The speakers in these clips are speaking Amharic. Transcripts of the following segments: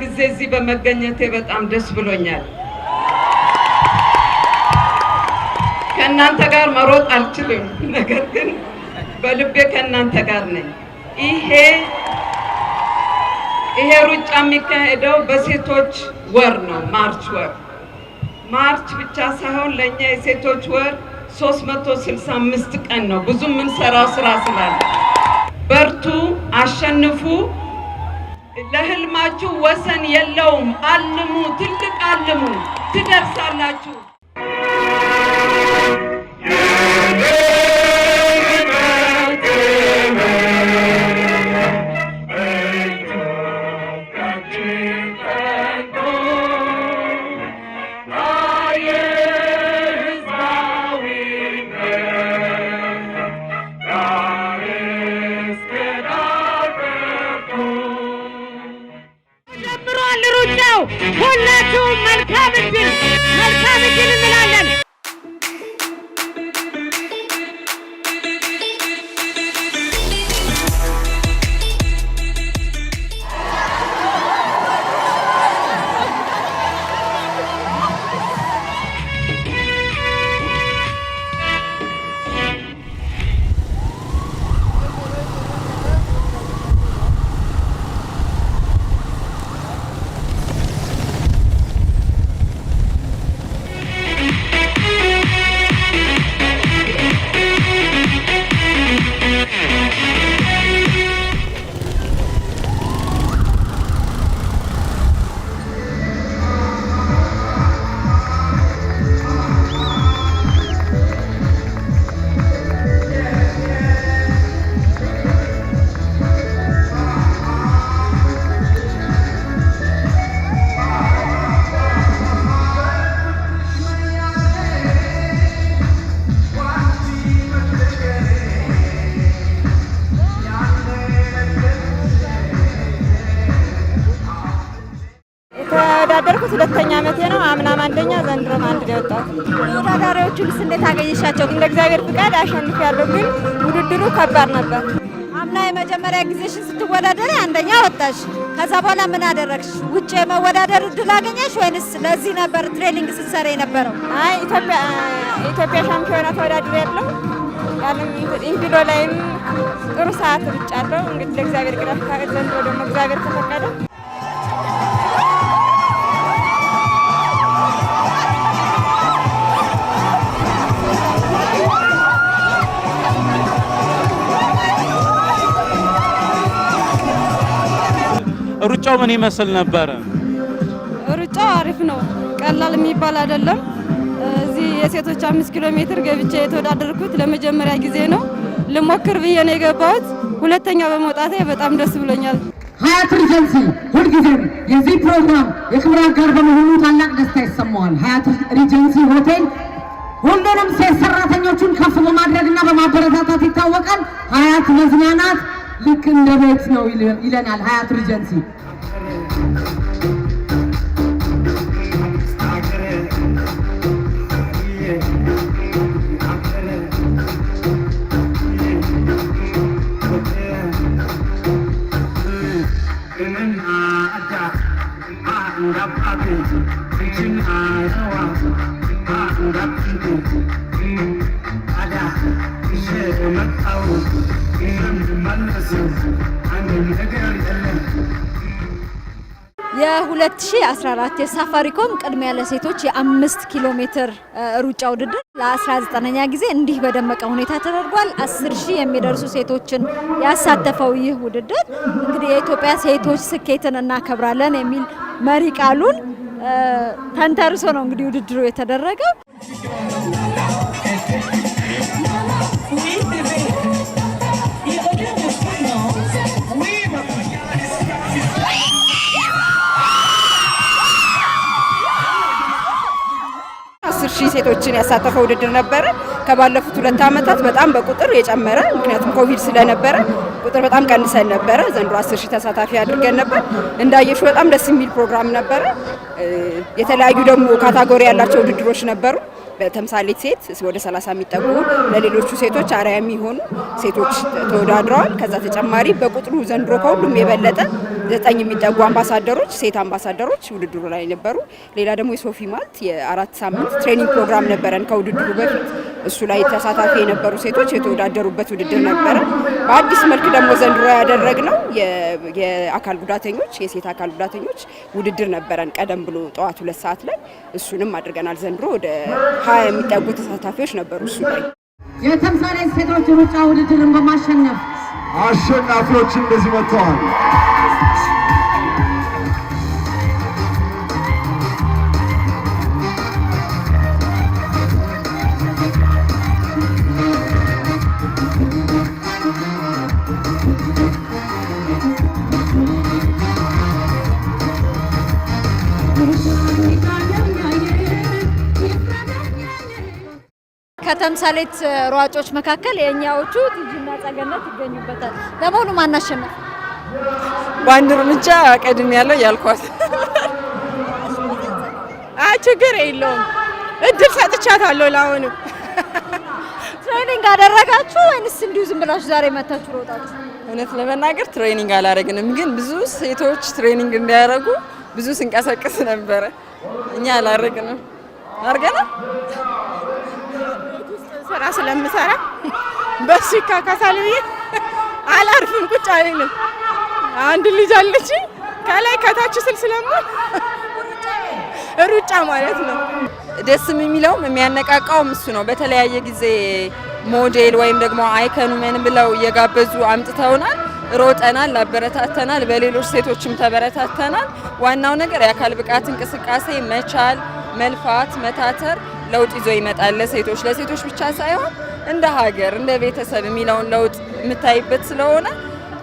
ጊዜ እዚህ በመገኘቴ በጣም ደስ ብሎኛል። ከእናንተ ጋር መሮጥ አልችልም፣ ነገር ግን በልቤ ከእናንተ ጋር ነኝ። ይሄ ይሄ ሩጫ የሚካሄደው በሴቶች ወር ነው፣ ማርች ወር። ማርች ብቻ ሳይሆን ለእኛ የሴቶች ወር 365 ቀን ነው። ብዙ የምንሰራው ስራ ስላለ በርቱ፣ አሸንፉ። ለህልማችሁ ወሰን የለውም። አልሙ፣ ትልቅ አልሙ፣ ትደርሳላችሁ። ሁለተኛ ዓመቴ ነው። አምናም አንደኛ ዘንድሮም አንድ ላይ ወጣሁ። ልስ እንዴት አገኘሻቸው? እንደ እግዚአብሔር ፍቃድ አሸንፍ ያለው ግን ውድድሩ ከባድ ነበር። አምና የመጀመሪያ ጊዜሽን ስትወዳደሪ አንደኛ ወጣሽ። ከዛ በኋላ ምን አደረግሽ? ውጭ የመወዳደር እድል አገኘሽ ወይንስ ለዚህ ነበር ትሬኒንግ ስትሰሪ የነበረው? አይ ኢትዮጵያ ሻምፒዮና ተወዳድሬ ያለው ያለም ኢንዲሎ ላይም ጥሩ ሰዓት ብጫለው። እንግዲህ ለእግዚአብሔር ግራ ዘንድሮ ደግሞ እግዚአብሔር ተፈቀደ ሩጫው ምን ይመስል ነበረ? ሩጫው አሪፍ ነው። ቀላል የሚባል አይደለም። እዚህ የሴቶች አምስት ኪሎ ሜትር ገብቼ የተወዳደርኩት ለመጀመሪያ ጊዜ ነው። ልሞክር ብዬ ነው የገባሁት። ሁለተኛ በመውጣቴ በጣም ደስ ብሎኛል። ሀያት ሪጀንሲ ሁልጊዜም የዚህ ፕሮግራም የክብር አጋር በመሆኑ ታላቅ ደስታ ይሰማዋል። ሀያት ሪጀንሲ ሆቴል ሁሉንም ሴት ሰራተኞቹን ከፍ በማድረግና በማበረታታት ይታወቃል። ሀያት መዝናናት ልክ እንደ ቤት ነው ይለናል ሀያት ሪጀንሲ። የ2014 የሳፋሪኮም ቅድሚያ ለሴቶች የ5 ኪሎ ሜትር ሩጫ ውድድር ለ19ኛ ጊዜ እንዲህ በደመቀ ሁኔታ ተደርጓል። አስር ሺህ የሚደርሱ ሴቶችን ያሳተፈው ይህ ውድድር እንግዲህ የኢትዮጵያ ሴቶች ስኬትን እናከብራለን የሚል መሪ ቃሉን ተንተርሶ ነው እንግዲህ ውድድሩ የተደረገው። ሴቶችን ያሳተፈ ውድድር ነበረ። ከባለፉት ሁለት ዓመታት በጣም በቁጥር የጨመረ ምክንያቱም ኮቪድ ስለነበረ ቁጥር በጣም ቀንሰን ነበረ። ዘንድሮ አስር ሺህ ተሳታፊ አድርገን ነበር። እንዳየሹ በጣም ደስ የሚል ፕሮግራም ነበረ። የተለያዩ ደግሞ ካታጎሪ ያላቸው ውድድሮች ነበሩ። በተምሳሌት ሴት ወደ 30 የሚጠጉ ለሌሎቹ ሴቶች አርአያ የሚሆኑ ሴቶች ተወዳድረዋል። ከዛ ተጨማሪ በቁጥሩ ዘንድሮ ከሁሉም የበለጠ ዘጠኝ የሚጠጉ አምባሳደሮች ሴት አምባሳደሮች ውድድሩ ላይ ነበሩ። ሌላ ደግሞ የሶፊ ማልት የአራት ሳምንት ትሬኒንግ ፕሮግራም ነበረን ከውድድሩ በፊት እሱ ላይ ተሳታፊ የነበሩ ሴቶች የተወዳደሩበት ውድድር ነበረ። በአዲስ መልክ ደግሞ ዘንድሮ ያደረግነው የአካል ጉዳተኞች የሴት አካል ጉዳተኞች ውድድር ነበረን ቀደም ብሎ ጠዋት ሁለት ሰዓት ላይ እሱንም አድርገናል። ዘንድሮ ወደ ሀያ የሚጠጉ ተሳታፊዎች ነበሩ እሱ ላይ የተምሳሌ ሴቶች ሩጫ ውድድርን በማሸነፍ አሸናፊዎች እንደዚህ መጥተዋል። ተምሳሌት ሯጮች መካከል የእኛዎቹ ትጅና ጸገነት ይገኙበታል። ለመሆኑ ማን አሸነፈ? በአንድ እርምጃ ቀድም ያለው ያልኳት ችግር የለውም። እድል ሰጥቻታለሁ። ለአሁኑ ትሬኒንግ አደረጋችሁ ወይንስ እንዲሁ ዝም ብላችሁ ዛሬ መታችሁ ሮጣችሁ? እውነት ለመናገር ትሬኒንግ አላደረግንም፣ ግን ብዙ ሴቶች ትሬኒንግ እንዲያደርጉ ብዙ ስንቀሰቅስ ነበረ። እኛ አላደረግንም። አድርገናል ስራ ስለምሰራ በሱ ይካካሳል ብዬ አላርፍም፣ ቁጭ አይልም። አንድ ልጅ አለች ከላይ ከታች ስል ስለሞ ሩጫ ማለት ነው። ደስም የሚለውም የሚያነቃቃውም እሱ ነው። በተለያየ ጊዜ ሞዴል ወይም ደግሞ አይከኑ ምን ብለው እየጋበዙ አምጥተውናል። ሮጠናል፣ አበረታተናል። በሌሎች ሴቶችም ተበረታተናል። ዋናው ነገር የአካል ብቃት እንቅስቃሴ መቻል፣ መልፋት፣ መታተር ለውጥ ይዞ ይመጣል። ለሴቶች ለሴቶች ብቻ ሳይሆን እንደ ሀገር እንደ ቤተሰብ የሚለውን ለውጥ የምታይበት ስለሆነ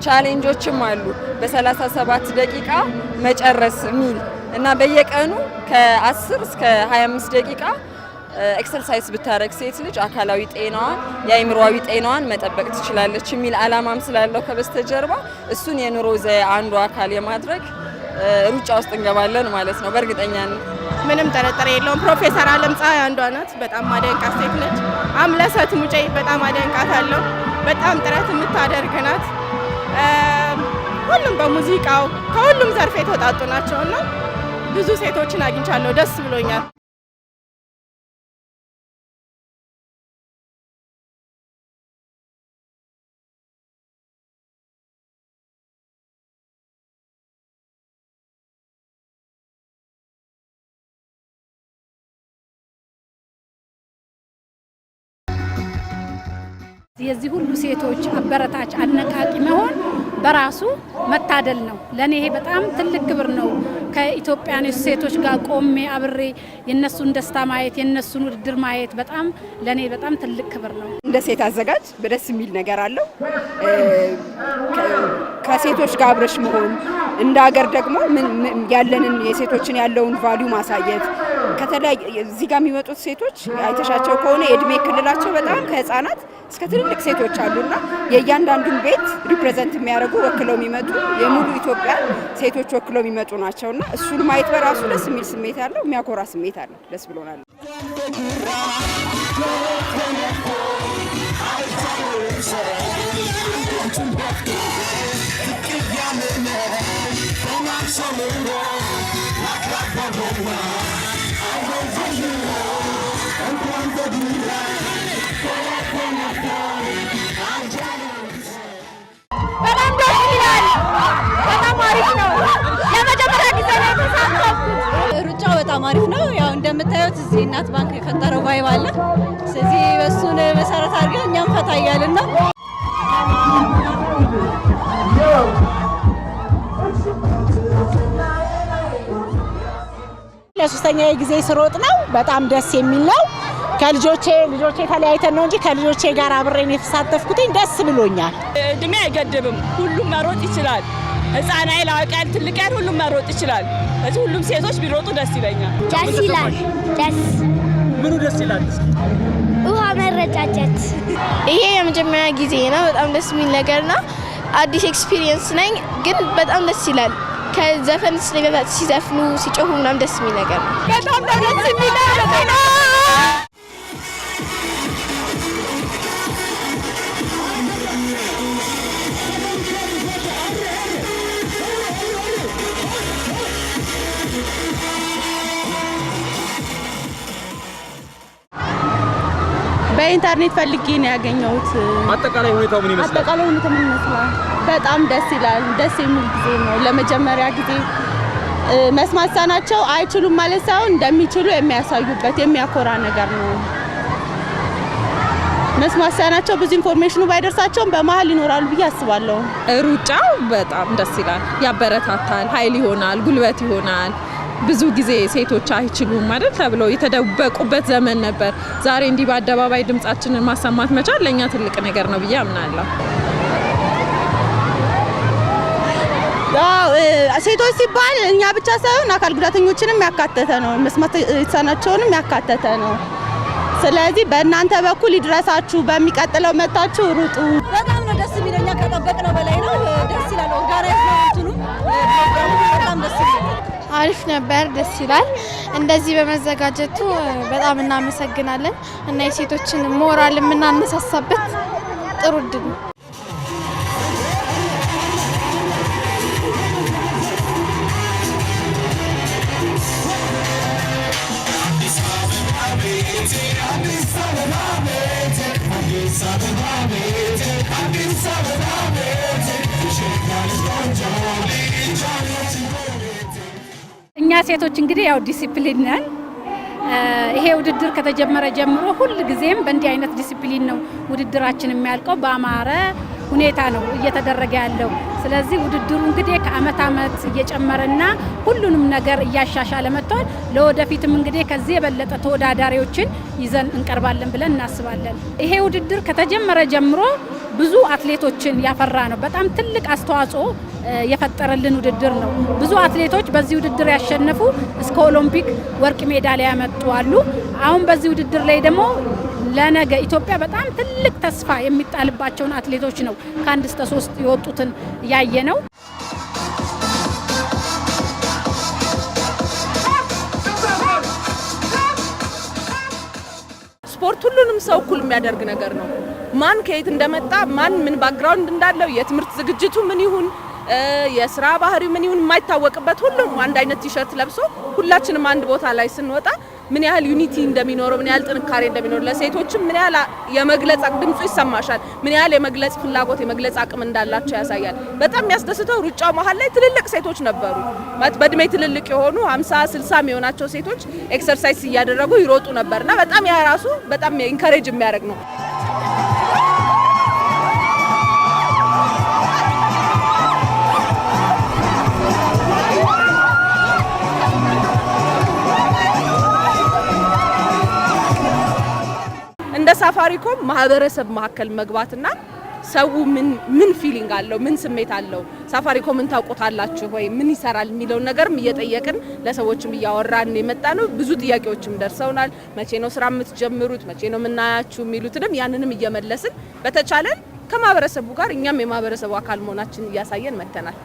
ቻሌንጆችም አሉ። በ37 ደቂቃ መጨረስ የሚል እና በየቀኑ ከ10 እስከ 25 ደቂቃ ኤክሰርሳይዝ ብታደረግ ሴት ልጅ አካላዊ ጤናዋን የአይምሮዊ ጤናዋን መጠበቅ ትችላለች የሚል አላማም ስላለው ከበስተጀርባ እሱን የኑሮ ዘ አንዱ አካል የማድረግ ሩጫ ውስጥ እንገባለን ማለት ነው በእርግጠኛ ምንም ጥርጥር የለውም። ፕሮፌሰር አለም ፀሐይ አንዷ ናት። በጣም ማደንቃት ሴት ነች። አምለሰት ሙጬ በጣም አደንቃት አለው። በጣም ጥረት የምታደርግ ናት። ሁሉም በሙዚቃው ከሁሉም ዘርፍ ናቸው እና ብዙ ሴቶችን አግኝቻለሁ። ደስ ብሎኛል። የዚህ ሁሉ ሴቶች አበረታች አነቃቂ መሆን በራሱ መታደል ነው። ለእኔ ይሄ በጣም ትልቅ ክብር ነው። ከኢትዮጵያ ሴቶች ጋር ቆሜ አብሬ የነሱን ደስታ ማየት የነሱን ውድድር ማየት በጣም ለእኔ በጣም ትልቅ ክብር ነው። እንደ ሴት አዘጋጅ በደስ የሚል ነገር አለው። ከሴቶች ጋር አብረሽ መሆን እንደ ሀገር ደግሞ ያለንን የሴቶችን ያለውን ቫሊዩ ማሳየት ከተለያዩ እዚህ ጋር የሚመጡት ሴቶች አይተሻቸው ከሆነ የእድሜ ክልላቸው በጣም ከህፃናት እስከ ትልልቅ ሴቶች አሉና የእያንዳንዱን ቤት ሪፕሬዘንት የሚያደርጉ ወክለው የሚመጡ የሙሉ ኢትዮጵያ ሴቶች ወክለው የሚመጡ ናቸውና እሱን ማየት በራሱ ደስ የሚል ስሜት አለው፣ የሚያኮራ ስሜት አለው። ደስ ብሎናል። Come የእናት ባንክ የፈጠረው ቫይብ አለ። ስለዚህ በሱን መሰረት አድርገን እኛም ፈታ እያልን ነው። ለሶስተኛ ጊዜ ስሮጥ ነው። በጣም ደስ የሚል ነው። ከልጆቼ ልጆቼ ተለያይተን ነው እንጂ ከልጆቼ ጋር አብሬን የተሳተፍኩትኝ ደስ ብሎኛል። እድሜ አይገድብም፣ ሁሉም መሮጥ ይችላል። ህፃን አይል አዋቂ አይል ትልቅ አይል ሁሉም መሮጥ ይችላል። እዚህ ሁሉም ሴቶች ቢሮጡ ደስ ይለኛል። ደስ ይላል። ደስ ምኑ ደስ ይላል? ውሃ መረጫጨት። ይሄ የመጀመሪያ ጊዜ ነው። በጣም ደስ የሚል ነገር ነው። አዲስ ኤክስፒሪየንስ ነኝ፣ ግን በጣም ደስ ይላል። ከዘፈን ሲዘፍኑ ሲጮሁ ምናምን ደስ የሚል ነገር ነው። በኢንተርኔት ፈልጌ ነው ያገኘሁት። አጠቃላይ ሁኔታው ምን ይመስላል? አጠቃላይ ሁኔታው ምን ይመስላል? በጣም ደስ ይላል። ደስ የሚል ጊዜ ነው። ለመጀመሪያ ጊዜ መስማት ሳናቸው አይችሉም ማለት ሳይሆን እንደሚችሉ የሚያሳዩበት የሚያኮራ ነገር ነው። መስማት ሳናቸው ብዙ ኢንፎርሜሽኑ ባይደርሳቸውም በመሀል ይኖራሉ ብዬ አስባለሁ። ሩጫው በጣም ደስ ይላል፣ ያበረታታል፣ ኃይል ይሆናል፣ ጉልበት ይሆናል። ብዙ ጊዜ ሴቶች አይችሉም ማለት ተብለው የተደበቁበት ዘመን ነበር። ዛሬ እንዲህ በአደባባይ ድምጻችንን ማሰማት መቻል ለእኛ ትልቅ ነገር ነው ብዬ አምናለሁ። ሴቶች ሲባል እኛ ብቻ ሳይሆን አካል ጉዳተኞችንም ያካተተ ነው፣ መስማት የተሳናቸውንም ያካተተ ነው። ስለዚህ በእናንተ በኩል ይድረሳችሁ። በሚቀጥለው መታችሁ ሩጡ። አሪፍ ነበር፣ ደስ ይላል። እንደዚህ በመዘጋጀቱ በጣም እናመሰግናለን እና የሴቶችን ሞራል የምናነሳሳበት ጥሩ እድል ነው። ሴቶች እንግዲህ ያው ዲሲፕሊን ነን። ይሄ ውድድር ከተጀመረ ጀምሮ ሁል ጊዜም በእንዲህ አይነት ዲሲፕሊን ነው ውድድራችን የሚያልቀው። በአማረ ሁኔታ ነው እየተደረገ ያለው። ስለዚህ ውድድሩ እንግዲህ ከአመት አመት እየጨመረና ሁሉንም ነገር እያሻሻለ መጥቷል። ለወደፊትም እንግዲህ ከዚህ የበለጠ ተወዳዳሪዎችን ይዘን እንቀርባለን ብለን እናስባለን። ይሄ ውድድር ከተጀመረ ጀምሮ ብዙ አትሌቶችን ያፈራ ነው። በጣም ትልቅ አስተዋጽኦ የፈጠረልን ውድድር ነው። ብዙ አትሌቶች በዚህ ውድድር ያሸነፉ እስከ ኦሎምፒክ ወርቅ ሜዳሊያ ያመጡ አሉ። አሁን በዚህ ውድድር ላይ ደግሞ ለነገ ኢትዮጵያ በጣም ትልቅ ተስፋ የሚጣልባቸውን አትሌቶች ነው ከአንድ እስከ ሶስት የወጡትን ያየ ነው። ስፖርት ሁሉንም ሰው እኩል የሚያደርግ ነገር ነው። ማን ከየት እንደመጣ ማን ምን ባክግራውንድ እንዳለው የትምህርት ዝግጅቱ ምን ይሁን የስራ ባህሪ ምን ይሁን የማይታወቅበት ሁሉም አንድ አይነት ቲሸርት ለብሶ ሁላችንም አንድ ቦታ ላይ ስንወጣ ምን ያህል ዩኒቲ እንደሚኖረው ምን ያህል ጥንካሬ እንደሚኖረው ለሴቶችም ምን ያህል የመግለጽ ድምፁ ይሰማሻል፣ ምን ያህል የመግለጽ ፍላጎት የመግለጽ አቅም እንዳላቸው ያሳያል። በጣም የሚያስደስተው ሩጫው መሀል ላይ ትልልቅ ሴቶች ነበሩ። በእድሜ ትልልቅ የሆኑ 50 ስልሳ የሚሆናቸው ሴቶች ኤክሰርሳይዝ እያደረጉ ይሮጡ እና በጣም ያ ራሱ በጣም ኢንካሬጅ የሚያደርግ ነው። ሳፋሪኮም ማህበረሰብ መካከል መግባትና ሰው ምን ፊሊንግ አለው፣ ምን ስሜት አለው፣ ምን ታውቁታላችሁ ወይ፣ ምን ይሰራል የሚለውን ነገርም እየጠየቅን ለሰዎችም እያወራን የመጣ ነው። ብዙ ጥያቄዎችም ደርሰውናል። መቼ ነው ስራ የምትጀምሩት፣ መቼ ነው የምናያችሁ የሚሉትንም ያንንም እየመለስን በተቻለን ከማህበረሰቡ ጋር እኛም የማህበረሰቡ አካል መሆናችን እያሳየን መጥተናል።